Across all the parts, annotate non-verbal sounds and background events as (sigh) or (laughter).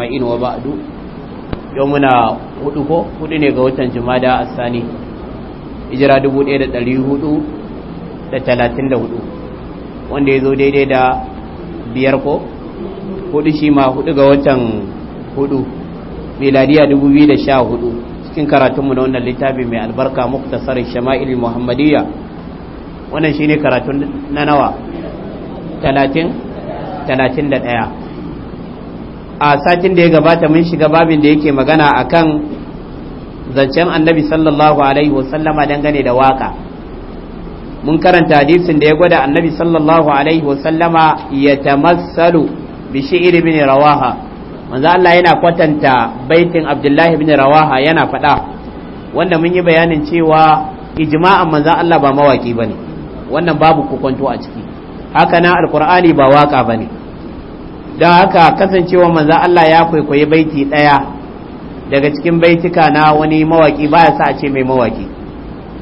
ajma'in wa ba'du yau muna hudu ko hudu ne ga watan jumada asani hijira 1434 wanda ya zo daidai da biyar ko hudu shi ma hudu ga watan hudu miladiya 2014 cikin karatunmu na wannan littafi mai albarka muktasar shama'il muhammadiyya wannan shine karatun na nawa 30 31 a satin da ya gabata mun shiga babin da yake magana a kan zancen annabi sallallahu alaihi wasallama dangane da waka mun karanta hadisin da ya gwada annabi sallallahu alaihi wasallama ya tamassalu bi shi'ir bin rawaha manzo Allah yana kwatanta baitin abdullahi bin rawaha yana faɗa wanda mun yi bayanin cewa ijma'an manzo Allah ba mawaki bane wannan babu kokonto a ciki haka na alqur'ani ba waka bane don haka kasancewa manzan Allah ya kwaikwayi baiti ɗaya daga cikin baitika na wani mawaki ya sa a ce mai mawaki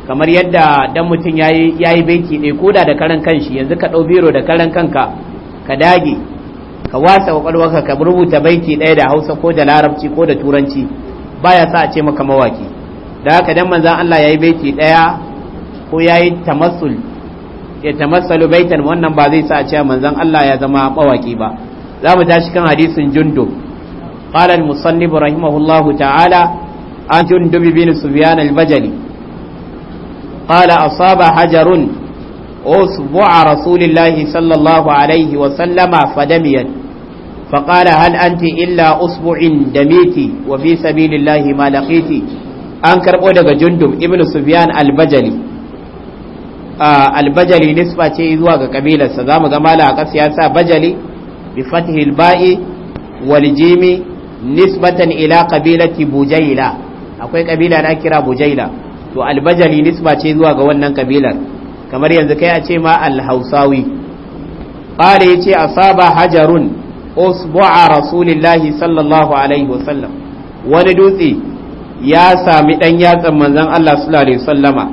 kamar yadda dan mutum ya yi baiti ɗaya koda da karan kanshi yanzu ka ɗau biro da karan kanka ka dage ka wasa kwakwalwarka ka rubuta baiti ɗaya da hausa ko da larabci ko da turanci ba ya sa a ce maka mawaki da haka dan manzan Allah ya yi baiti ɗaya ko ya yi tamassul ya tamassalu baitan wannan ba zai sa a ce manzan Allah ya zama mawaki ba za mu tashi kan hadisin jundub قال المصنف رحمه الله تعالى عن جندب بن سفيان البجلي قال أصاب حجر أصبع رسول الله صلى الله عليه وسلم فدميت فقال هل أنت إلا أصبع دميتي وفي سبيل الله ما لقيتي أنكر أودك جندب ابن سفيان البجلي آه البجلي نسبة إذواك قبيلة سزام قمالا قصي أسا بجلي بفتح الباء والجيم نسبة إلى قبيلة Akwai أقول قبيلة ناكرة Bujaila. to albajali nisba ce zuwa ga wannan kabilar kamar yanzu kai a ce ma alhausawi ƙara ya ce saba hajarun usbu'a rasulillahi sallallahu alaihi wasallam wani dutse ya sami ɗan yatsan manzan Allah sallallahu alaihi wasallama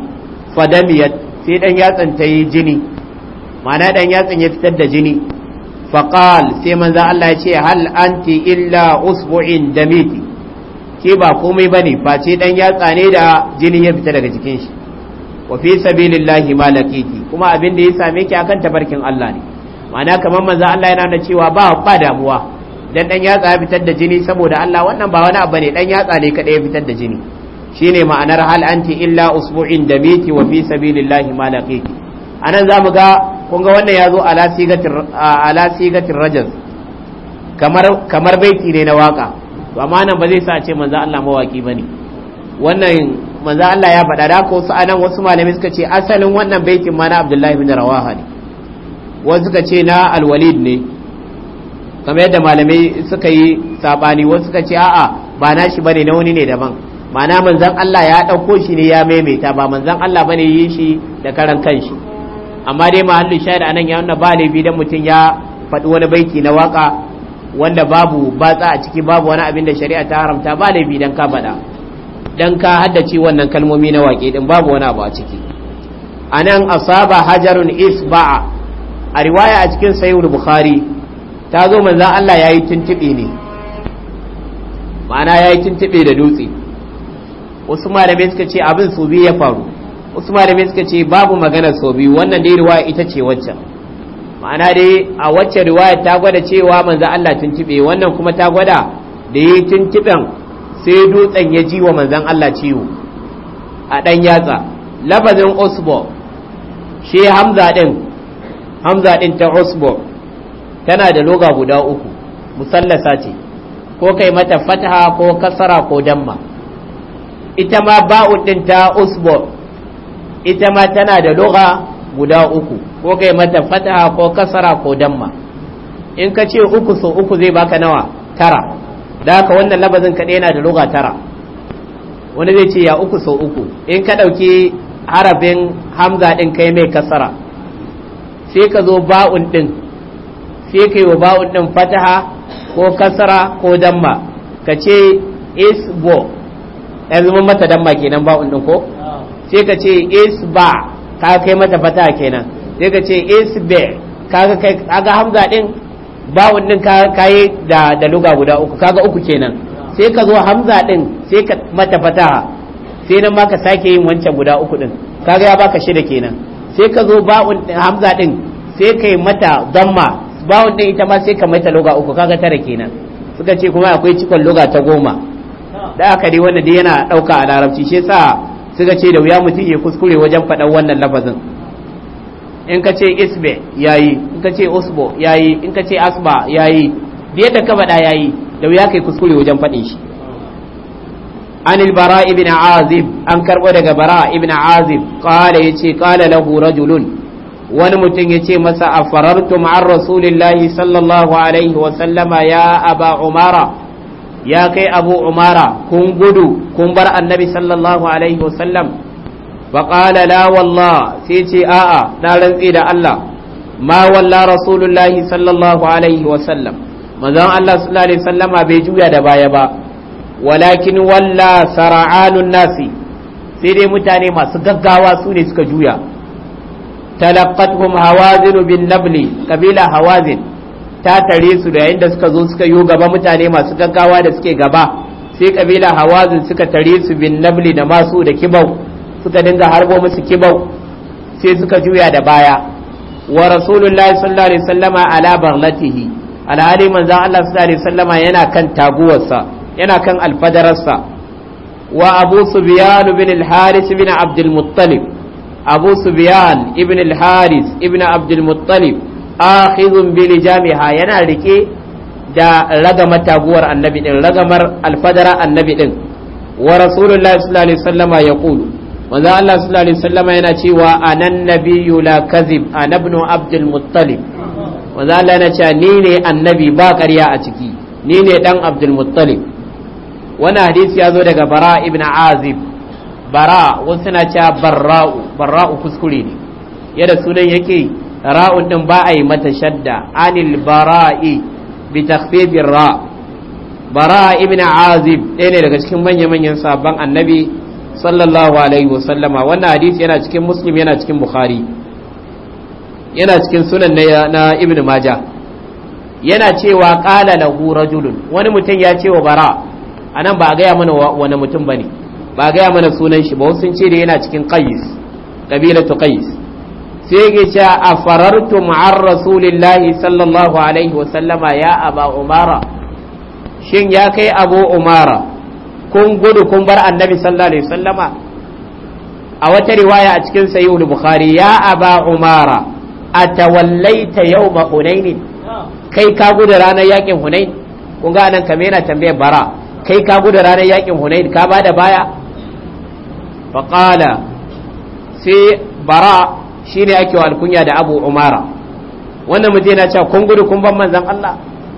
sai ɗan yatsan ta yi jini ma'ana ɗan yatsan ya fitar da jini faƙal sai manza Allah ya ce hal anti illa usbu'in da miti ke ba komai ba ne face ɗan yatsa ne da jini ya fita daga jikin shi wa fi sabilillahi ma kuma abin da ya same ki akan tabarkin Allah ne ma'ana kamar manza Allah yana da cewa ba ba damuwa dan ɗan yatsa ya fitar da jini saboda Allah wannan ba wani abu ne ɗan yatsa ne kaɗai ya fitar da jini shine ma'anar hal anti illa usbu'in da miti wa fi sabilillahi ma anan zamu ga kun ga wannan ya zo ala sigatin rajas kamar baiti ne na waka to amma nan ba zai sa ce manzo Allah mawaki ne, wannan manzo Allah ya faɗa da ko anan wasu malami suka ce asalin wannan baitin ma na Abdullahi bin Rawaha ne wasu suka ce na al ne kamar yadda malamai suka yi sabani wasu suka ce a'a ba na shi bane na wani ne daban ma'ana manzan Allah ya ɗauko shi ne ya maimaita ba manzan Allah bane yi shi da karan kanshi amma dai mahallin shahid nan ya nuna ba laifi dan mutum ya faɗi wani baiki na waka wanda babu batsa a ciki babu wani abin da shari'a ta haramta ba laifi don ka faɗa dan ka haddace wannan kalmomi na waƙe din babu wani abu a ciki a anan asaba hajarun isba'a a riwaya a cikin sayyid bukhari ta zo manzon Allah yayi tuntube ne ma'ana yayi tuntube da dutse wasu malamai suka ce abin su biyu ya faru Usman da suka ce babu magana sau biyu wannan dai riwaya ita ce waccan ma'ana dai a wacce riwaya ta gwada cewa manzan Allah tuntube wannan kuma ta gwada da yi tuntuben sai dutsen ya ji wa manzan Allah ciwo a ɗan yatsa labarin usbo shi hamza ɗin hamza ɗin ta osbo tana da loga guda uku musallasa ce ko kai mata fataha ko kasara ko damma ita ma ba'u ɗin ta usbo ita ma tana da lugha guda uku ko kai mata fataha ko kasara ko damma in ka ce uku so uku zai baka nawa tara da haka wannan labazin kaɗe yana da lugha tara wani zai ce ya uku so uku in ka ɗauki harafin hamza ɗin kai mai kasara sai ka zo ba'un ɗin sai ka yi wa ba'un ɗin fataha ko kasara ko damma ka ce isbo ya zama mata damma kenan ba'un ɗin ko sai ka ce isba ka kai mata fata kenan sai ka ce isbe kaga kai kaga hamza din bawun din ka kai da da luga guda uku kaga uku kenan sai ka zo hamza din sai ka mata fataha sai nan ma ka sake yin wancan guda uku din kaga ya baka shida kenan sai ka zo ba'un hamza din sai kai mata damma bawun din ita ma sai ka mata luga uku kaga tara kenan suka ce kuma akwai cikon luga ta goma da aka dai wanda dai yana dauka a larabci shi yasa suka ce da wuya mutum ya kuskure wajen faɗan wannan lafazin in ka ce isbe yi in ka ce usbo yi in ka ce asba yi da yadda ka faɗa yayi da wuya kai kuskure wajen faɗin shi anil bara ibn azib an karɓo daga bara ibn azib qala yace qala lahu rajulun wani mutum ya ce masa a farartum an rasulillahi sallallahu alaihi wasallama ya aba umara ya kai abu umara kun gudu kun bar annabi sallallahu alaihi wasallam fa qala la wallah sai ce a'a na rantsi da Allah ma walla rasulullahi sallallahu alaihi wasallam manzon Allah sallallahu alaihi wasallama bai juya da baya ba walakin walla sara'anun nasi sai dai mutane masu gaggawa su ne suka juya talaqqathum hawazin bin nabli kabila hawazin ta tare su da yayin da suka zo suka yi gaba mutane masu gaggawa da suke gaba sai kabila hawazin suka tare su bin nabli da masu da kibau suka dinga harbo musu kibau sai suka juya da baya wa rasulullahi sallallahu alaihi wasallama ala baghlatihi alhali manzo Allah sallallahu alaihi wasallama yana kan taguwarsa yana kan alfadararsa wa abu subyan bin al-haris bin abd al-muttalib abu subyan ibn al-haris ibn abd al-muttalib akhidhun bili jamiha yana rike da ragamar taguwar annabi din ragamar alfadara annabi din wa rasulullahi sallallahu alaihi wasallama yaqulu manzo Allah sallallahu alaihi wasallama yana cewa anan nabiyyu la kadhib ana ibn abdul muttalib manzo Allah yana cewa ni ne annabi ba ƙarya a ciki ni ne dan abdul muttalib wannan hadisi ya zo daga bara ibn azib bara wasu na cewa barra'u barra'u kuskure ne yadda sunan yake ra'un din ba a yi mata shadda anil bara'i bi takhfifir ra bara ibn azib ɗaya ne daga cikin manya-manyan sabon annabi sallallahu alaihi wasallama wannan hadisi yana cikin muslim yana cikin bukhari yana cikin sunan na ibn maja yana cewa qala lahu rajulun wani mutum ya cewa bara anan ba a gaya mana wani mutum bane ba a gaya mana sunan shi ba sun ce da yana cikin qais qabilatu qais sai yake cewa a farartu ma'ar rasulillahi sallallahu alaihi wasallama ya aba umara shin ya kai abu umara kun gudu kun bar annabi sallallahu alaihi wasallama a wata riwaya a cikin sayyid bukhari ya aba umara atawallaita yawma hunain kai ka gudu ranar yakin hunain kun ga anan kamar na tambayar bara kai ka gudu ranar yakin hunain ka ba da baya faqala sai bara ne ake wa alkunya da abu umara wannan mutum yana cewa kun gudu kun ban manzan Allah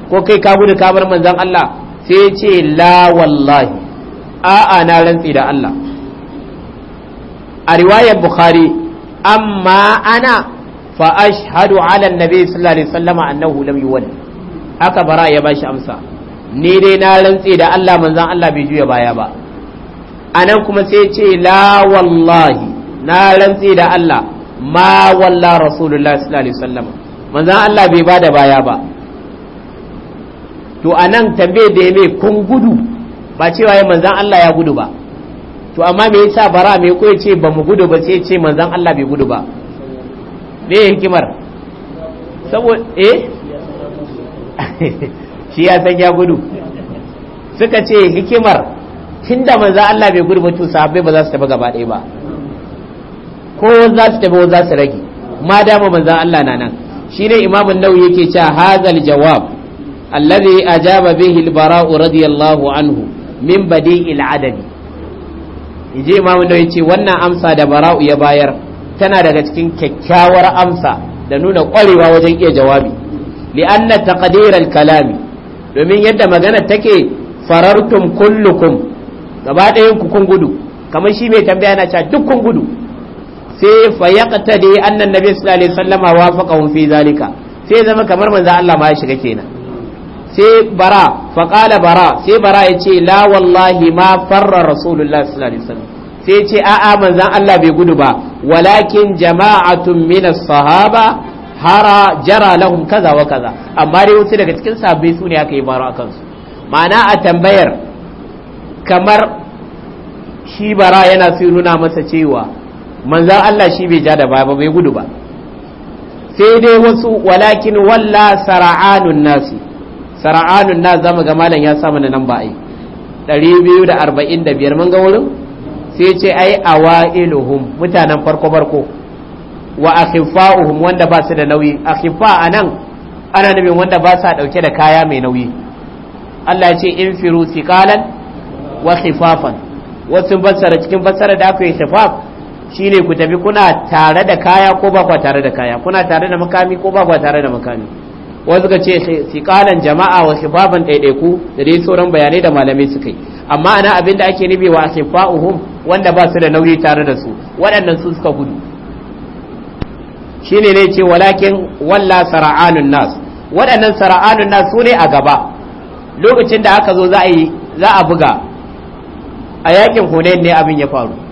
ko kai ka gudu ka bar manzan Allah sai ce la wallahi a'a na rantsi da Allah a riwayar bukhari amma ana fa ashhadu ala annabi sallallahu alaihi wasallam annahu lam yuwal haka bara ya bashi amsa ni dai na rantsi da Allah manzan Allah bai juya baya ba anan kuma sai ce la wallahi na rantsi da Allah ma walla rasulullah sallallahu alaihi wasallam manzon Allah bai bada baya ba to anan tambaye da yayi kun gudu ba cewa yayi manzon Allah ya gudu ba to amma me yasa bara me ko yace ba mu gudu ba sai yace manzon Allah bai gudu ba me hikimar saboda eh (laughs) shi ya san ya gudu suka ce hikimar tunda manzon Allah bai gudu ba to sahabbai ba za su tafi gaba ɗaya ba ko za su tabi ko za su rage ma dama manzan Allah na nan Shi ne imamun nau'i yake cewa hazal jawab alladhi ajaba bihi al-bara'u radiyallahu anhu min badi'il adadi yaje imamun nau'i ce wannan amsa da bara'u ya bayar tana daga cikin kyakkyawar amsa da nuna kwarewa wajen iya jawabi li'anna taqdir al-kalami domin yadda magana take farartum kullukum gaba ɗayan ku kun gudu kamar shi mai tambaya na cewa duk kun gudu sai fa yaqtadi anna nabi sallallahu alaihi wasallam wafaqahum fi zalika sai zama kamar manzo Allah ma ya shiga kenan sai bara fa qala bara sai bara yace la wallahi ma farra rasulullah sallallahu alaihi wasallam sai ce a'a manzon Allah bai gudu ba walakin jama'atun min sahaba hara jara lahum kaza wa kaza amma dai wasu daga cikin sahabbai su ne aka yi bara akan su ma'ana a tambayar kamar shi bara yana so nuna masa cewa manzan Allah shi bai ja da baya ba bai gudu ba sai dai wasu walakin walla sara'anun nasi sara'anun nasi zama ga malam ya samu na nan ba ai 245 mun ga wurin sai ce ai awailuhum mutanen farko farko wa akhifa'uhum wanda ba su da nauyi akhifa anan ana nufin wanda ba sa dauke da kaya mai nauyi Allah ya ce infiru thiqalan wa khifafan wasu fassara cikin fassara da aka yi shafaf shine ku tafi kuna tare da kaya ko ba kwa tare da kaya kuna tare da makami ko ba kwa tare da makami wasu ka ce kalan jama'a wa sifaban ɗaiɗaiku da dai sauran bayanai da malamai suka yi amma ana abin da ake nufi wa sifa'uhum wanda ba su da nauyi tare da su waɗannan su suka gudu shine ne ce walakin walla sara'anun nas waɗannan sara'anun nas su ne a gaba lokacin da aka zo za a yi za a buga a yakin hunain ne abin ya faru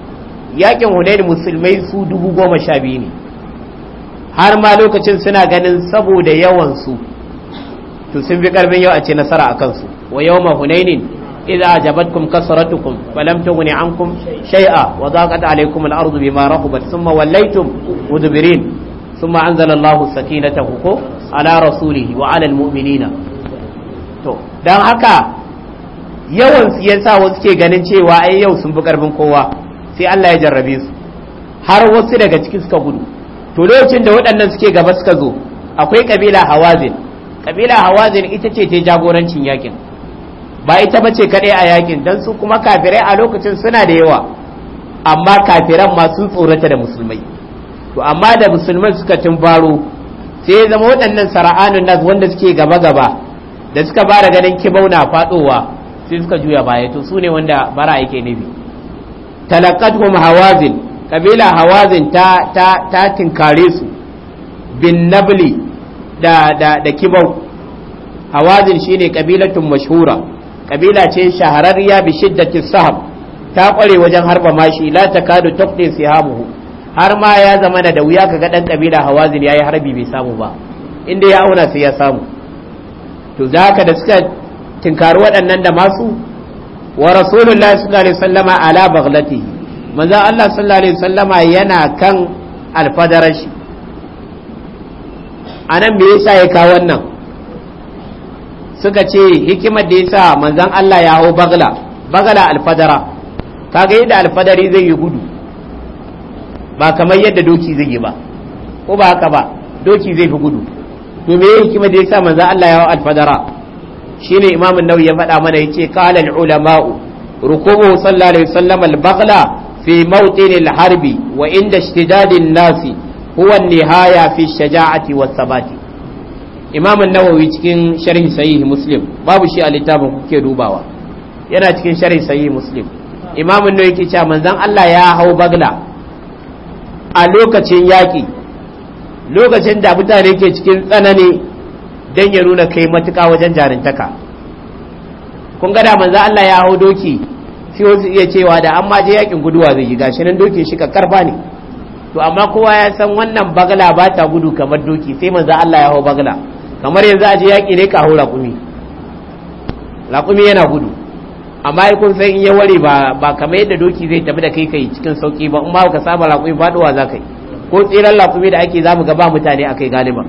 yakin hunain musulmai su dubu goma sha biyu ne har ma lokacin suna ganin saboda yawansu to sun fi karfin yau a ce nasara a kansu wa yau ma hunainin idza ajabatkum kasratukum falam an kum shai'a. wa za daqat ba sun ma wallaitun? Wudubirin. sun ma an thumma anzala Allahu sakinatahu ko ala rasulihi wa ala muminina to dan haka yawan su yasa wasu ke ganin cewa ai yau sun fi karfin kowa sai Allah ya jarrabe su har wasu daga cikin suka gudu to lokacin da waɗannan suke gaba suka zo akwai kabila hawazin kabila hawazin ita ce ta jagorancin yakin ba ita bace kaɗai a yakin dan su kuma kafirai a lokacin suna da yawa amma kafiran ma sun tsorata da musulmai to amma da musulmai suka tumbaro sai zama waɗannan sara'anun nas wanda suke gaba gaba da suka bara ganin kibau na faɗowa sai suka juya baya to su ne wanda bara yake nufi talaqathum hawazin kabila hawazin ta ta ta tinkare su bin nabli da da da kibau hawazin shine kabilatun mashhura kabila ce shahararriya bi shiddati sahab ta kware wajen harba mashi la takadu taqdi sihabuhu har ma ya zama da wuya kaga dan kabila hawazin yayi harbi bai samu ba inda ya auna sai ya samu to zaka da suka tinkari waɗannan da masu wa rasulullahi sallallahu alaihi wasallama ala baghlati manzo Allah sallallahu alaihi wasallama yana kan alfadarar shi anan me yasa ya kawo wannan suka ce hikimar da yasa manzo Allah ya hawo bagla bagla alfadara kaga yadda alfadari zai yi gudu ba kamar yadda doki zai yi ba ko ba haka ba doki zai fi gudu to me hikimar da yasa manzo Allah ya hawo alfadara shi ne imamun nawawi ya faɗa mana ya ce al-ulama'u rukubu sallallahu alaihi wasallam al-baghla fi mawtin al-harbi wa inda ishtidadin nasi huwa an-nihaya fi shaja'ati was-sabati imam an-nawawi cikin sharhi sahih muslim babu shi a littafin kuke dubawa yana cikin sharhi sahih muslim imam an-nawawi yake cewa manzon Allah ya hau bagla a lokacin yaki lokacin da mutane ke cikin tsanani don ya nuna kai matuka wajen jarintaka kun gada manzan Allah ya hau doki shi wasu iya cewa da amma je yakin guduwa zai yi gashi nan doki shi ka karfa ne to amma kowa ya san wannan bagala ba ta gudu kamar doki sai manzan Allah ya hau bagala kamar yanzu a je yaki ne ka hau raƙumi raƙumi yana gudu amma kun san in ya ware ba yadda doki zai tafi da kai kai cikin sauki ba in ba ka saba raƙumi faɗuwa za ka yi ko tseren raƙumi da ake zamu ga ba mutane kai galiban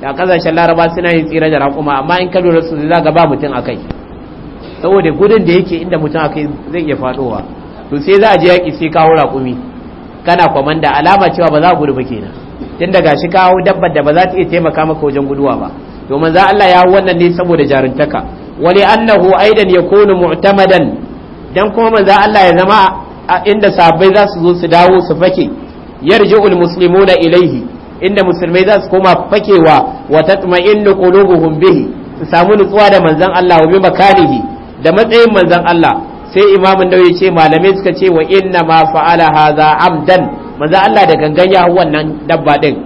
da kasashen laraba suna yin tsira da raƙuma amma in ka lura su za ga ba mutum akai saboda gudun da yake inda mutum akai zai iya fadowa to sai za a je yaki sai kawo raƙumi kana kwamanda alama cewa ba za a gudu ba kenan tun daga shi kawo dabbar da ba za ta iya taimaka maka wajen guduwa ba domin za Allah ya wannan ne saboda jaruntaka wali annahu aidan yakunu mu'tamadan dan kuma manzo Allah ya zama inda sahabbai za su zo su dawo su fake yarji'ul muslimuna ilaihi inda musulmai za su koma fakewa wa tatma'innu qulubuhum bihi su samu nutsuwa da manzon Allah wa bi makanihi da matsayin manzon Allah sai imamin nawawi ce malamai suka ce wa inna ma fa'ala hadha amdan manzon Allah da gangan ya wannan dabba din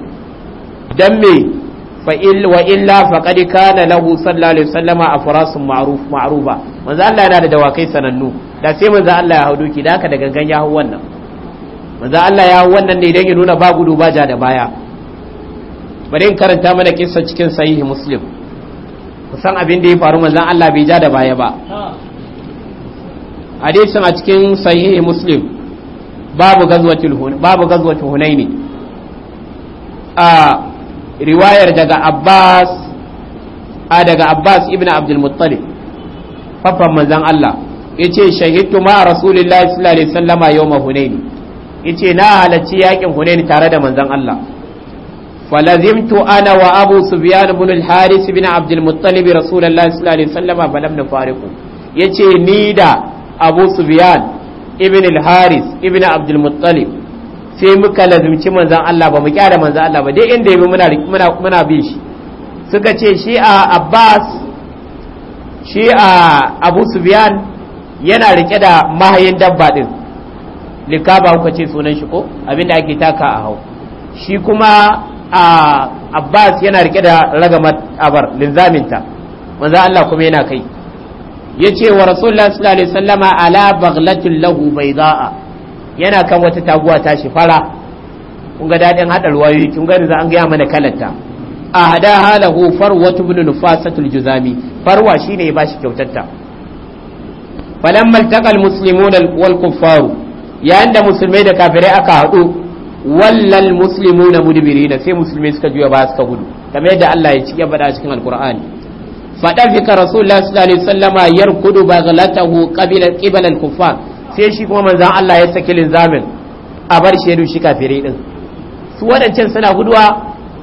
dan me il wa illa faqad kana lahu sallallahu alaihi wasallama afrasun ma'ruf ma'ruba manzon Allah yana da dawakai sanannu da sai manzon Allah ya hauduki da haka da gangan ya wannan manzon Allah ya hau wannan ne idan ya nuna ba gudu ba ja da baya bari in karanta mana kissa cikin sahihi muslim kusan abin da ya faru manzon Allah bai ja da baya ba hadisin a cikin sahihi muslim babu gazwatul hunain babu gazwatul hunain a riwayar daga Abbas a daga Abbas ibn Abdul Muttalib faffan manzon Allah yace shahidtu ma rasulillahi sallallahu alaihi wasallama yawma hunain yace na halacci yakin hunain tare da manzon Allah فلزمت أنا وأبو سفيان بن الحارث بن عبد المطلب رسول الله صلى الله عليه وسلم فلم نفارقه يجي نيدا أبو سفيان ابن الحارث ابن عبد المطلب sai muka lazumci manzan Allah ba mu kyara manzan Allah ba dai inda yabi muna muna muna bin shi suka ce shi a Abbas shi a Abu Sufyan yana rike da mahayin dabba din likaba kuka ce sunan shi ko abinda ake taka a hau shi kuma Abbas yana rike da ragamar abar linzaminta manzo Allah kuma yana kai yace wa rasulullahi sallallahu alaihi wasallama ala baghlatin lahu bayda'a yana kan wata taguwa tashi shi fara kun ga dadin hada ruwayoyi kun ga an ga mana kalanta ahada halahu farwatu ibn nufasatul juzami farwa shine ya bashi kyautarta falamma taqal muslimuna wal kuffaru yayin da musulmai da kafirai aka haɗu wallan na muslimuna mudbirina sai musulmi suka juya ba suka gudu kamar yadda Allah ya cike faɗa cikin alkur'ani fadar fika rasulullah sallallahu alaihi wasallama yarkudu baghlatahu qabila qibala al-kuffar sai shi kuma manzon Allah ya saki linzamin a bar shedu shi kafirai din su wadancan suna guduwa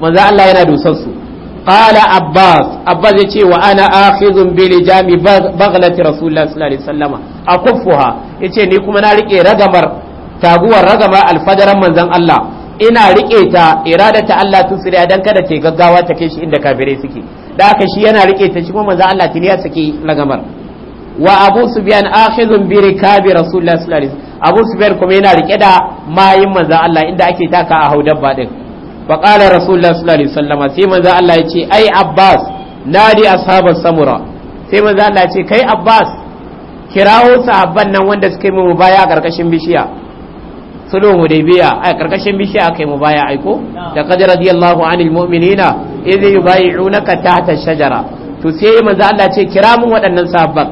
manzon Allah yana dusar su qala abbas abbas ya ce wa ana akhizun bi lijami baghlati rasulullah sallallahu alaihi wasallama akuffuha yace ni kuma na rike ragamar taguwar ragama alfadaran manzon Allah ina rike ta iradata Allah tusriya dan kada ta gaggawa ta kai shi inda kafirai suke da haka shi yana rike ta shi kuma manzon Allah tiliya saki ragamar wa Abu Sufyan akhidhun bi rikabi Rasulullah sallallahu alaihi wasallam Abu Sufyan kuma yana rike da mayin manzon Allah inda ake taka a haudan badin fa qala Rasulullah sallallahu alaihi wasallam sai manzon Allah ya ce ai Abbas nadi ashabas samura sai manzon Allah ya ce kai Abbas kirawo sahabban nan wanda suka yi mu baya a karkashin bishiya sulhun hudaybiya a karkashin bishiya kai mu baya aiko da qad radiyallahu anil mu'minina idh yubay'unaka tahta shajara to sai manzo Allah ce kira mun waɗannan sahabban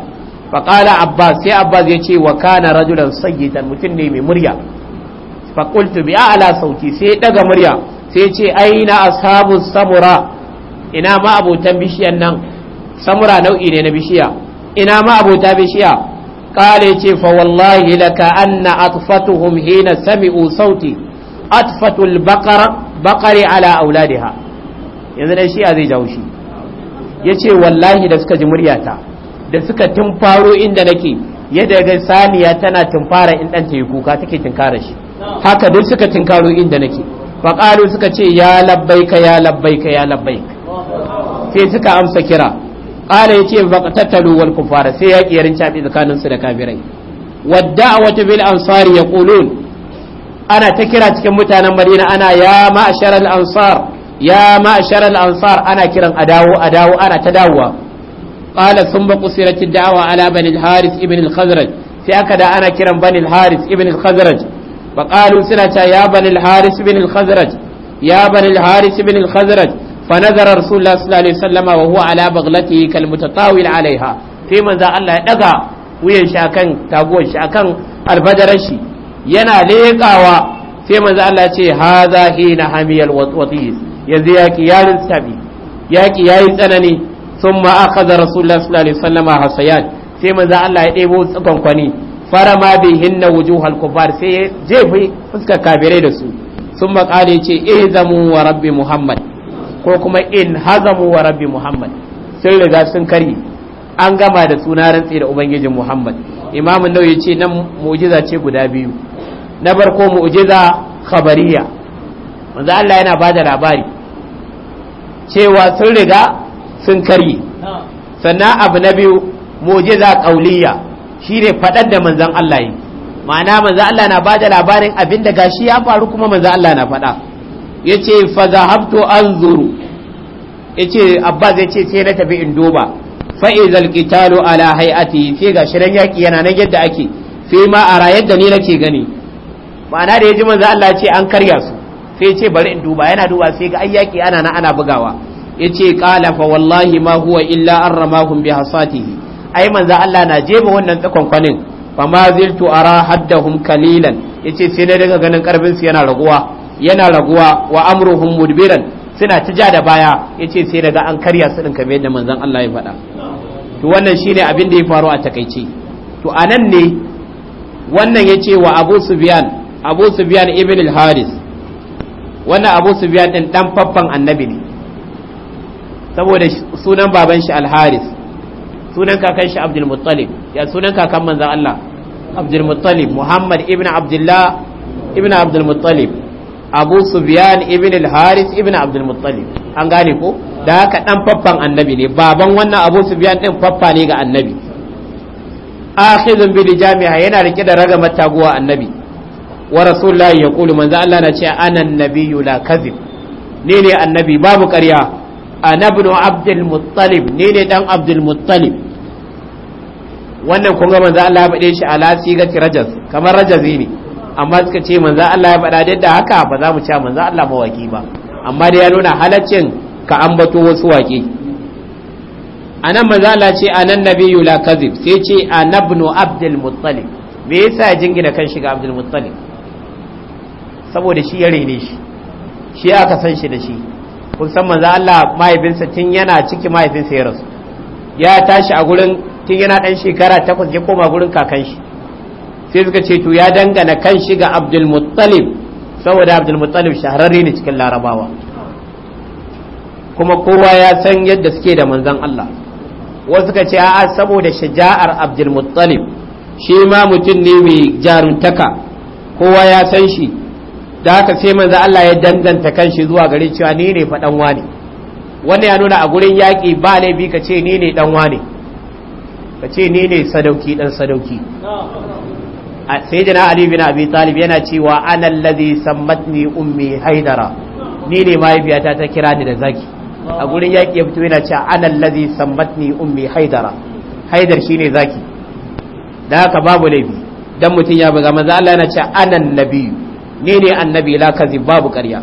fa qala abbas sai abbas ya ce wa kana rajulan sayyidan mutun ne mai murya fa qultu bi a'la sauti sai daga murya sai ce aina ashabu samura ina ma abutan bishiyan nan samura nau'i ne na bishiya ina ma abota bishiya kale ce fa wallahi laka anna atfatuhum hina sami'u sauti atfatul baqari ala auladiha yanzu dai shi zai jawo shi yace wallahi da suka ji muryata da suka tumfaro inda nake yadda saniya tana tumfara in yi kuka shi haka duk suka tinkaro inda nake faƙaru suka ce ya labbaika ya labbaika ya labbaika sai suka amsa kira qala yace faqatalu wal kufara sai yaki yarin cabi tsakanin su da kafirai wadda'watu bil ansari yaqulun ana ta kira cikin mutanen Madina ana ya ma'ashar al ansar ya ma'ashar al ansar ana kiran adawo adawo ana ta dawowa qala sun ba qusirat da'awa ala bani al haris ibn al sai aka da ana kiran bani haris ibn al khazraj fa suna ta ya bani al haris ibn al ya bani al haris ibn al فنظر رسول الله صلى الله عليه وسلم وهو على بغلته كالمتطاول عليها في من ذا الله دغا وين شاكن تاغون شاكن البدرشي yana leƙawa sai manzo Allah ce haza hina hamiyal watis yanzu yaki yarin sabi yaki yayi tsanani thumma akhadha rasulullah sallallahu alaihi wasallam hasayan sai manzo Allah ya debo tsakankwani farama bihinna wujuhal kufar sai jefi fuskar kafirai da su thumma qala yace ihzamu wa rabbi muhammad ko kuma in hazamu wa rabbi muhammad sun riga sun karye an gama da suna rantsi da ubangijin muhammad Imamin nau ya ce nan mu'jiza ce guda biyu na farko mu'jiza khabariya manzo Allah yana ba da labari cewa sun riga sun karye sannan abu na biyu mu'jiza kauliya shine fadar da manzon Allah yi ma'ana manzo Allah na ba da labarin abin da gashi ya faru kuma manzo Allah na faɗa ya ce fazahabtu an zuru ya ce abbas ya ce sai na tafi in duba fa'izal kitalo ala hay'ati sai ga shirin yana nan yadda ake sai ma ara yadda ni nake gani ma'ana da ji manzo Allah ce an karya su sai ce bari in duba yana duba sai ga ayyaki ana na ana bugawa yace qala fa wallahi ma huwa illa arramahum bi hasatihi ai manzo Allah na jeba wannan tsakon kwanin fa ma ziltu ara haddahum kalilan yace sai na daga ganin karfin su yana raguwa yana raguwa wa amruhum mudbiran suna ta ja da baya ya ce sai daga an karya su din kamar yadda manzan Allah ya faɗa to wannan shi ne abin da ya faru a takaice to a nan ne wannan ya ce wa Abu Sufyan Abu Sufyan ibn al-Haris wannan Abu Sufyan ɗin ɗan faffan annabi ne saboda sunan baban shi al-Haris sunan kakan shi Abdul Muttalib ya sunan kakan manzan Allah Abdul Muttalib Muhammad ibn Abdullah ibn Abdul Muttalib abu sufyan ibn al-haris ibn abdul muttalib an gane ko da haka dan faffan annabi ne baban wannan abu sufyan din faffa ne ga annabi akhidun bil jami'a yana rike da ragamar taguwa annabi wa rasulullahi yaqulu manzo Allah na ce ana annabiyyu la kadhib ne ne annabi babu ƙarya ana ibn abdul muttalib ne ne dan abdul muttalib wannan kun ga manzo Allah ya bade shi ala sigati rajaz kamar rajazi ne amma suka ce manzan Allah ya faɗa duk da haka ba za mu ci manzan Allah mawaki ba amma da ya nuna halaccin ka ambato wasu waƙe anan manzan Allah ce anan nabiyyu la Kazib sai ce anabnu abdul muttalib me yasa jingina kan shiga abdul muttalib saboda shi ya rene shi shi aka san shi da shi kun san manzan Allah mahaifinsa tun yana ciki mahaifinsa ya rasu ya tashi a gurin tun yana dan shekara takwas ya koma gurin kakan shi sai suka ce to ya dangana kan shi ga abdul muttalib saboda abdul muttalib shahararre ne cikin larabawa kuma kowa ya san yadda suke da manzon Allah wasu suka ce a'a saboda shaja'ar abdul muttalib shi ma mutum ne mai jaruntaka kowa ya san shi da haka sai manzo Allah ya danganta kanshi zuwa gare cewa ni ne fa dan wane wanda ya nuna a gurin yaki ba laifi ka ce ni ne dan wane ka ce ni ne sadauki dan sadauki sayyidina ali bin abi talib yana cewa ana allazi sammatni ummi haidara ni ne mahaifiyata ta kira ni da zaki a gurin yaki ya fito yana cewa ana allazi sammatni ummi haidara haidar shine zaki da haka babu laifi dan mutun ya buga manzo Allah yana cewa ana annabi ni ne annabi la kazi babu ƙarya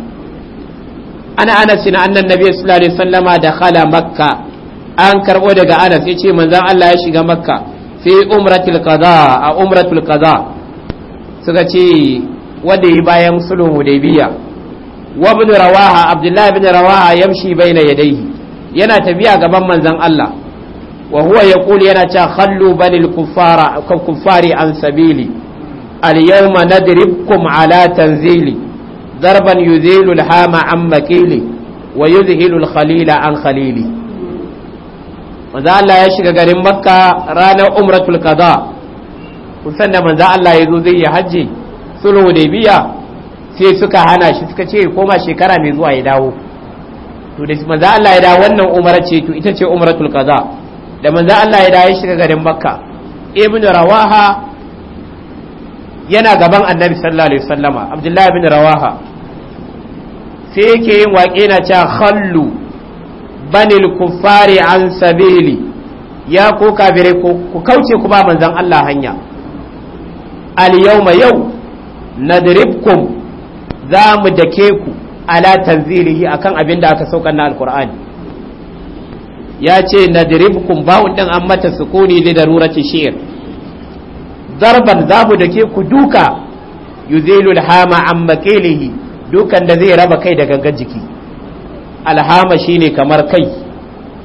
ana anas na annan nabi sallallahu alaihi wasallama da khala makka an karbo daga anas yace manzo Allah ya shiga makka fi umratul qada a umratul qada suka ce wanda yi bayan sulhun hudaybiya wa ibn rawaha abdullahi ibn rawaha yamshi baina yadayhi yana tafiya gaban manzon Allah wa huwa yana cewa khallu banil kuffara kuffari an sabili al yawma nadribkum ala tanzili darban yuzilu al hama an makili wa yuzhilu al khalila an khalili manzon Allah ya shiga garin Makka ranar umratul qada kusan da manzo Allah ya zo zai yi hajji sulhu biya sai suka hana shi suka ce koma shekara mai zuwa ya dawo to da manzo Allah ya dawo wannan umara ce to ita ce umratul qaza da manzo Allah ya dawo ya shiga garin makka ibn rawaha yana gaban annabi sallallahu alaihi wasallama abdullahi ibn rawaha sai yake yin waƙe na cewa khallu banil kufari an sabili ya ko kafirai ku kauce ku ba manzan Allah hanya al-yawma yau nadribkum za mu dake ku ala tanzilihi akan abin da aka sauka na alkur'ani ya ce nadribkum bawun din an mata sukuni da darurati shi'r darban za mu dake ku duka yuzilu alhama an maqilihi dukan da zai raba kai da gangan jiki alhama shine kamar kai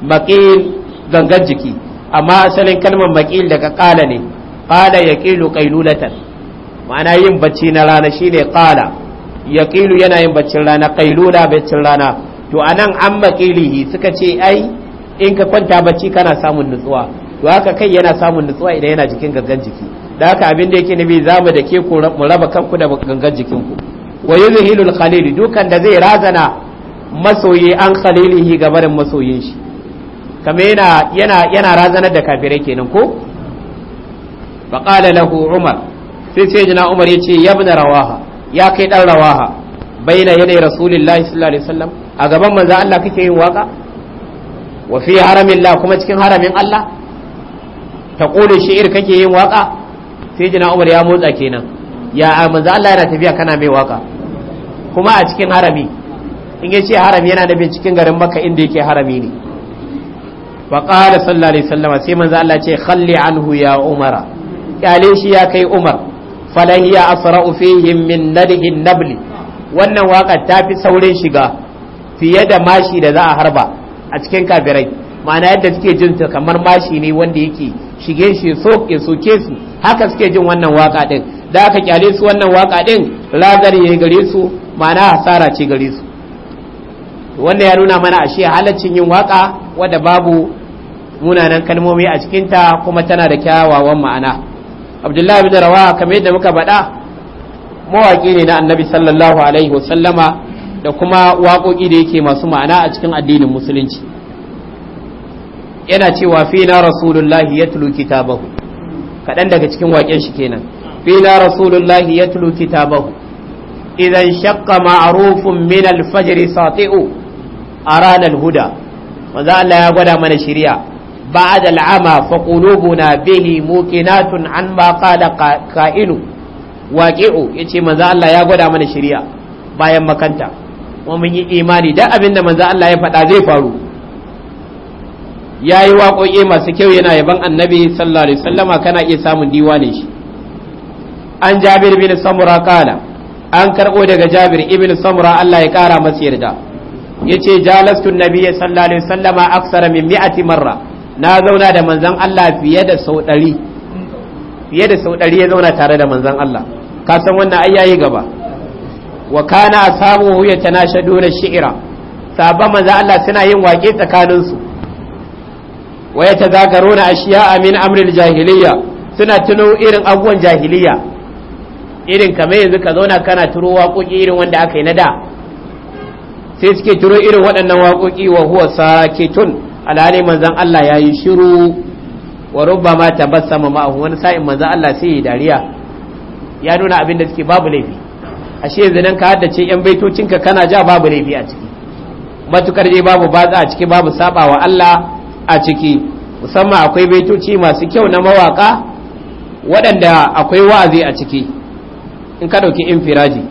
maqil gangan jiki amma asalin kalmar maqil daga qala ne qala yaqilu qailulatan ma'ana yin bacci na rana shine qala yaqilu yana yin baccin rana qailula baccin rana to anan an maqilihi suka ce ai in ka kwanta bacci kana samun nutsuwa to haka kai yana samun nutsuwa idan yana jikin gangan jiki da haka abin da yake nabi zamu da ke ku mu raba kanku da gangan jikinku wa yuzhilul khalil dukan da zai razana masoyi an khalilihi gabarin masoyin shi kamar yana yana yana razanar da kafirai kenan ko faqala lahu umar sai sai jina umar ya ce yabna rawaha ya kai dan rawaha baina yanayi rasulullahi sallallahu alaihi wasallam a gaban manzo Allah kake yin waka wa fi kuma cikin haramin Allah ta kole shi'ir kake yin waka sai jina umar ya motsa kenan Yaya manzo Allah yana tafiya kana mai waka kuma a cikin harami in ya ce harami yana da cikin garin Makka inda yake harami ne faƙada sallallahu alaihi sallama sai manzo Allah ce khalli anhu ya umara kyale shi ya kai umar falahiya asra'u fihim min nadhin nabli wannan waka ta fi saurin shiga fiye da mashi da za a harba a cikin kafirai ma'ana yadda suke jin ta kamar mashi ne wanda yake shige shi soke soke su haka suke jin wannan waka din da aka kyale su wannan waka din lazari ya gare su ma'ana hasara ce gare su wanda ya nuna mana ashe halaccin yin waka wadda babu munanan kalmomi a cikinta kuma tana da kyawawan ma'ana abdullahi bin rawaha kamar yadda muka faɗa mawaƙi ne na annabi sallallahu alaihi wasallama da kuma waƙoƙi da yake masu ma'ana a cikin addinin musulunci yana cewa fi na rasulullahi ya tulu kitabahu kaɗan daga cikin waƙen shi kenan Fi na rasulullahi ya tulu kitabahu idan shakka ma'arufin min alfajiri sati'u a ranar huda maza Allah ya gwada mana shari'a بعد العمى فقلوبنا به موقنات عن ما قال قائل واقعوا yace manzo Allah ya gwada mana shari'a bayan makanta kuma mun yi imani da abinda من Allah ya faɗa zai faru yayi waƙoƙi masu kyau yana yaban annabi sallallahu alaihi kana iya samun diwanin shi an Jabir bin Samura kala an karɓo daga Jabir ibn Samura Allah ya kara masa yarda yace jalastu nabiyyi sallallahu alaihi wasallama aksara min mi'ati marra na zauna da manzan Allah fiye da sau ɗari fiye da sau ɗari ya zauna tare da manzan Allah ka san wannan ai gaba wa kana ashabu ta tanashadu da shi'ira sabon manzan Allah suna yin waƙe tsakanin su wa yatazakaruna ya amina amril jahiliya suna tuno irin abubuwan jahiliya irin kamar yanzu ka zauna kana turo waƙoƙi irin wanda aka yi na da sai suke turo irin waɗannan waƙoƙi wa huwa tun. alhali manzan Allah ya yi shiru wa rubba ma tabassama ma'ahu wani sa'in manzan Allah sai ya dariya ya nuna abin da suke babu laifi ashe yanzu nan ka haddace yan baitocin ka kana ja babu laifi a ciki matukar dai babu batsa a ciki babu sabawa Allah a ciki musamman akwai baitoci masu kyau na mawaka waɗanda akwai wa'azi a ciki in ka ɗauki infiraji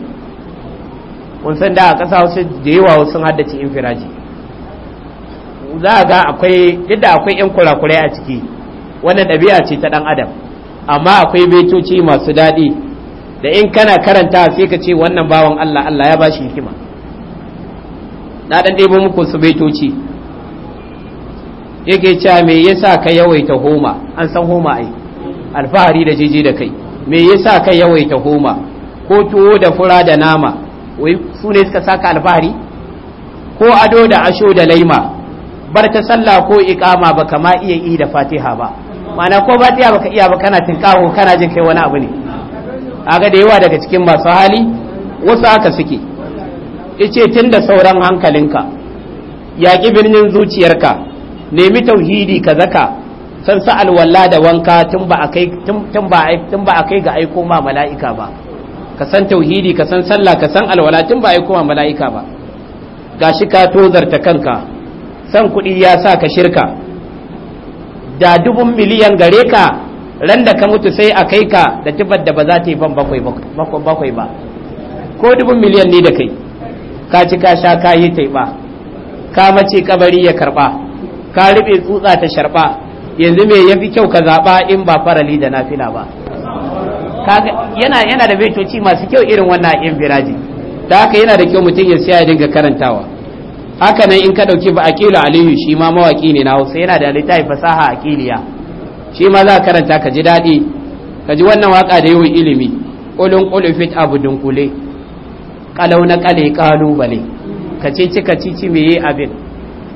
kun san da a ƙasa wasu da yawa sun haddace infiraji za a ga akwai yadda akwai yan kurakurai a ciki wannan ɗabi'a ce ta ɗan adam amma akwai betoci masu daɗi da in kana karanta sai ka ce wannan bawan Allah Allah ya bashi hikima na ɗan ɗebo muku su betoci yake cewa me yasa ka yawaita homa an san homa ai alfahari da jeje da kai me yasa ka yawaita homa ko tuwo da fura da nama wai su ne suka saka alfahari ko ado da asho da laima bar ta sallah ko iqama ba kama iya yi da fatiha ba ma'ana ko fatiha baka iya ba kana tinkaho kana jin kai wani abu ne kaga da yawa daga cikin masu hali wasu aka suke yace tun da sauran hankalinka yaƙi birnin zuciyarka nemi tauhidi ka zaka san sa alwala da wanka tun ba akai tun ba tun ba akai ga aiko ma mala'ika ba ka san tauhidi ka san sallah ka san alwala tun ba aiko ma mala'ika ba gashi ka tozarta kanka san kuɗi ya sa ka shirka da dubun miliyan gare ka ran da ka mutu sai a kai ka da tubar da ba za ta yi ban bakwai ba ko dubun miliyan ne da kai ka ci ka sha ka yi taiba ka mace kabari ya karba ka rube tsutsa ta sharba yanzu me yafi kyau ka zaba in ba farali da nafila ba yana yana da baitoci masu kyau irin wannan yan biraji da haka yana da kyau mutum ya siya ya dinga karantawa haka nan in ka ɗauki ba aqilu aliyu shi ma mawaki ne na Hausa yana da littafi fasaha aqiliya shi ma za ka karanta ka ji daɗi ka ji wannan waka da yawan ilimi qulun qulu fit abudun qule Ƙalau na ƙale ƙalubale ka ce cika cici meye abin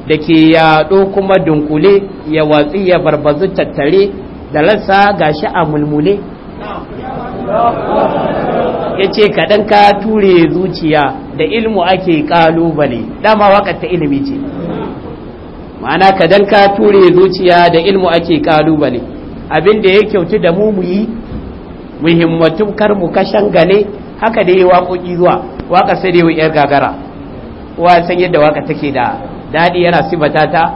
da ke yaɗo kuma dunkule ya watsi ya barbazu tattare da rasa gashi a mulmule ya ce kaɗan ka ture zuciya da ilmu ake kalubale dama wakar ta ilimi ce ma'ana ka dan ka ture zuciya da ilmu ake kalubale abin da ya kyautu da mu mu yi muhimmatun kar mu kashan shangale haka da yi waƙoƙi zuwa waka sai da yar gagara wa san yadda waka take da daɗi yana sibata ta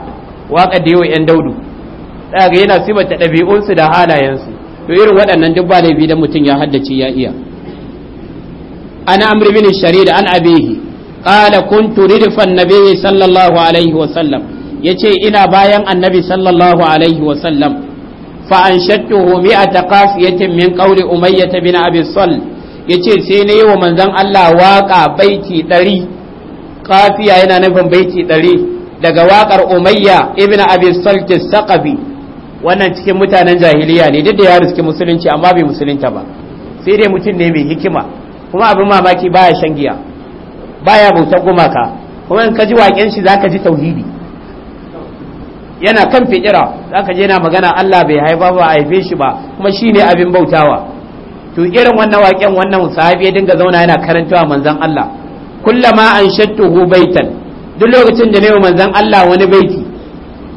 waka da yawa yan daudu daga yana sibata ɗabi'unsu da halayensu to irin waɗannan duk ba laifi da mutum ya haddace ya iya an amr bin sharid an abihi qala kuntu ridfan nabiy sallallahu alaihi wa sallam yace ina bayan annabi sallallahu alaihi wa sallam fa anshadtuhu mi'ata qafiyatin min qawli umayyah bin abi sal yace sai ne wa manzon Allah waka baiti ɗari qafiya yana nufin baiti ɗari daga waƙar umayya ibn abi saltis saqafi wannan cikin mutanen jahiliya ne duk da ya riski musulunci amma bai musulunta ba sai dai mutum ne mai hikima kuma abin mamaki ba ya shan giya ba baya bautar gumaka kuma in ka ji waƙen shi za ka ji tauhidi yana kan fikira ka je yana magana Allah bai haifa ba a haife shi ba kuma shi ne abin bautawa to irin wannan waƙen wannan sahabi ya dinga zauna yana karantawa manzan Allah kullama an shattuhu baitan duk lokacin da nayi manzan Allah wani baiti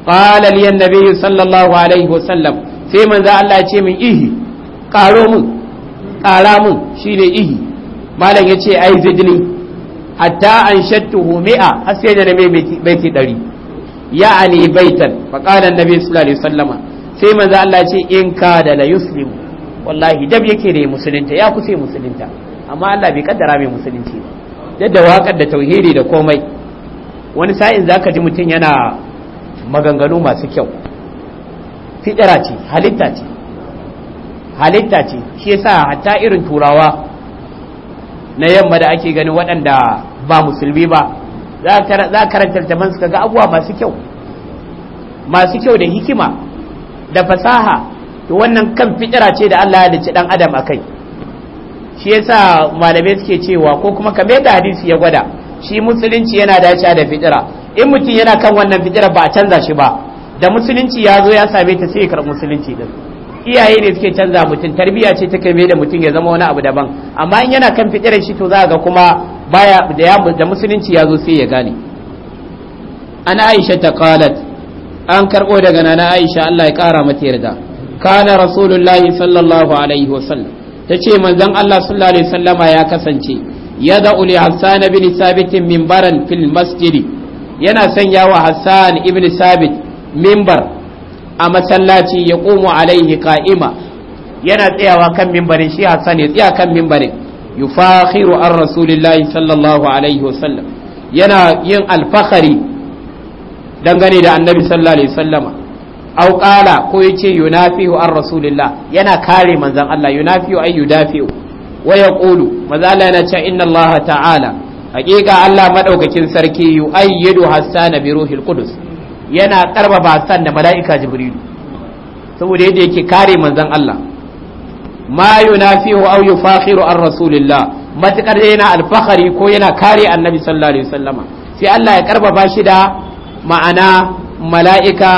qala li annabi sallallahu alaihi wasallam sai manzan Allah ya ce min ihi qaro mun kara mun shine ihi malam ya ce ai zidni hatta an shattu mi'a har sai da na mai baiti ɗari ya ani baitan fa qala annabi sallallahu alaihi sai manzo Allah ce in ka da la yuslim wallahi dab yake da musulunta ya kuce musulunta amma Allah bai kaddara mai musulunci ba yadda waƙar da tauhidi da komai wani sa'in zaka ji mutum yana maganganu masu kyau fitira ce halitta ce halitta ce shi yasa hatta irin turawa na yamma da ake ganin waɗanda ba musulmi ba za a karanta littafin suka ga abuwa masu kyau masu kyau da hikima da fasaha to wannan kan fitira ce da Allah ya dace dan adam akai shi yasa malamai suke cewa ko kuma kamar da hadisi ya gwada shi musulunci yana dace da fitira in mutum yana kan wannan fitira ba a canza shi ba da musulunci ya zo ya same ta sai ya karɓi musulunci din iyaye ne suke canza mutum tarbiya ce take mai da mutum ya zama wani abu daban amma in yana kan fitirar shi to za ga kuma baya da musulunci ya zo sai ya gane ana aisha ta qalat an karbo daga nana aisha Allah ya kara mata yarda kana rasulullahi sallallahu alaihi wasallam tace manzon Allah sallallahu alaihi wasallama ya kasance da uli Hassan ibn Sabit minbaran fil masjid yana sanya wa Hassan ibn Sabit mimbar a masallaci ya qumu alaihi kaima yana tsayawa kan mimbarin shi Hassan ya tsaya kan mimbarin yufakhiru an rasulillahi sallallahu alaihi wasallam yana yin alfahari dangane da annabi sallallahu alaihi wasallama aw qala ko yace yunafihu an rasulillah yana kare manzan Allah yunafihu ay yudafihu wa yaqulu manzon Allah yana cewa inna Allah ta'ala hakika Allah maɗaukakin sarki yu'ayyidu hassana bi ruhil qudus yana karfafa san da mala'ika jibrilu saboda yadda yake kare manzon Allah ma yunafihu aw yufakhiru an rasulillah matakar yana alfahari ko yana kare annabi sallallahu alaihi wasallama sai Allah ya karfafa shi da ma'ana mala'ika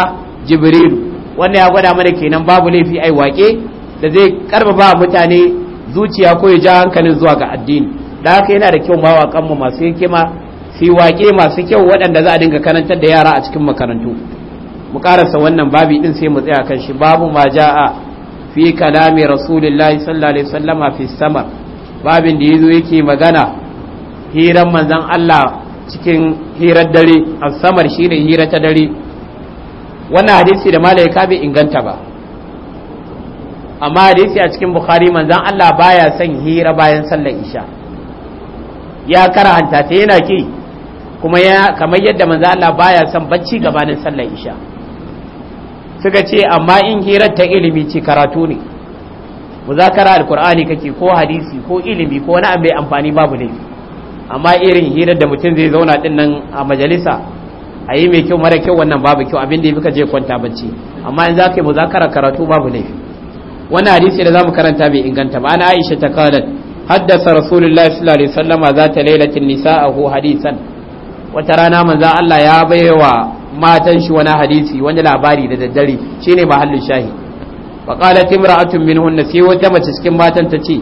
jibrilu wanda ya gwada mana kenan babu laifi ai wake da zai ba mutane zuciya ko ya ja hankalin zuwa ga addini da haka yana da kyau mawaƙan mu masu hikima fi waƙe masu kyau waɗanda za a dinga karantar da yara a cikin makarantu mu ƙarasa wannan babi din sai mu tsaya kan shi babu ma ja'a fi kalami rasulullahi sallallahu alaihi wasallama fi samar babin da yazo yake magana hirar manzon Allah cikin hirar dare as-samar shine hira ta dare wannan hadisi da malaika bai inganta ba amma hadisi a cikin bukhari manzon Allah baya son hira bayan sallar isha ya karanta ta yana ki kuma ya kamar yadda manzo Allah baya son bacci gabanin sallar isha suka ce amma in hirar ta ilimi ce karatu ne muzakara alqur'ani kake ko hadisi ko ilimi ko wani mai amfani babu laifi amma irin hirar da mutum zai zauna din nan a majalisa a yi mai kyau mara kyau wannan babu kyau abin da ya je kwanta bacci amma in za ka yi muzakara karatu babu laifi wani hadisi da zamu karanta bai inganta ba ana aisha ta kalat haddasa rasulullahi sallallahu alaihi wasallama zata lailatin nisa'ahu hadisan wata rana manzan Allah ya baiwa matan shi wani hadisi wani labari da daddare shine mahallin shahi wa qalat min minhunna sai wata mace cikin matan ta ce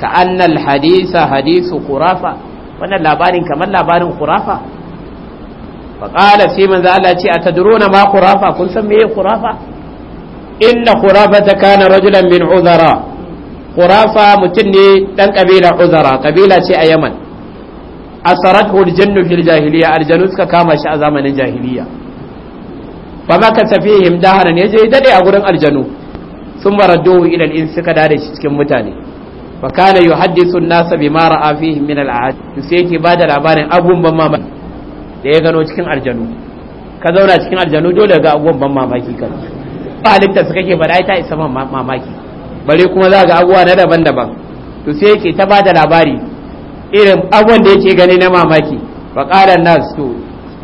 ka annal hadisa hadisu khurafa wannan labarin kamar labarin khurafa fa sai manzo Allah ce atadruna ma kurafa kun san meye khurafa inna khurafata kana rajulan min uzara kurafa mutum ne dan ƙabila uzara kabila ce a Yaman asarat aljannu fil jahiliya aljanu suka kama shi a zamanin jahiliya fa ka safihim daharan yaje dade a gurin aljanu sun maradduhu ila al suka dare shi cikin mutane fa kana yuhaddisu an-nas bima ra'a fihim min al aad sai yake bada labarin abun ban mamaki da ya gano cikin aljanu ka zauna cikin aljanu dole ga abun ban mamaki ba halitta suka ke bada ta isa mamaki bare kuma za ga abuwa na daban-daban to sai yake ta bada labari irin abuwan da yake gani na mamaki fa qala nas to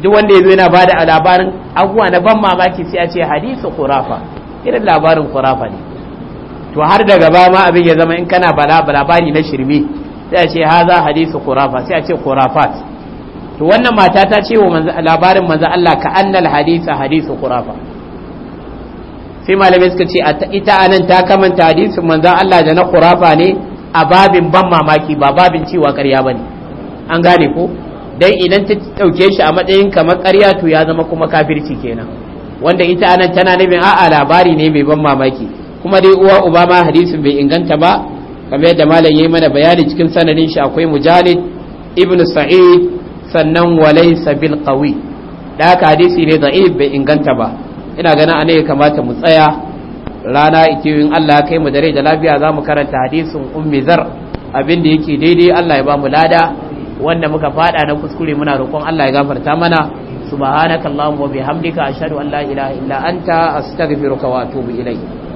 duk wanda yazo yana bada labarin abuwa na ban mamaki sai a ce hadisu kurafa irin labarin kurafa ne to har daga ba ma abin ya zama in kana bala labari na shirme sai a ce haza hadisu kurafa sai a ce khurafat to wannan mata ta ce wa labarin manzo Allah ka annal hadisa hadisu kurafa sai malamai suka ce ita anan ta kamanta hadisin manzo Allah da na kurafa ne a babin ban mamaki ba babin cewa karya ba ne an gane ko dan idan ta ɗauke shi a matsayin kamar karya to ya zama kuma kafirci kenan wanda ita anan tana nufin a'a labari ne mai ban mamaki kuma dai uwa uba ma hadisin bai inganta ba kamar yadda malam yayi mana bayani cikin sanadin shi akwai mujalid ibn sa'id sannan walaysa bil qawi da hadisi ne da'if bai inganta ba ina ganin anan ya kamata mu tsaya rana ikiyoyin Allah kai mu dare da lafiya za mu karanta hadisin ummi zar abin yake daidai Allah ya ba mu lada wanda muka fada na kuskure muna roƙon Allah ya gafarta mana subhanakallahumma wa bihamdika ashhadu an la ilaha illa anta astaghfiruka wa atubu ilayk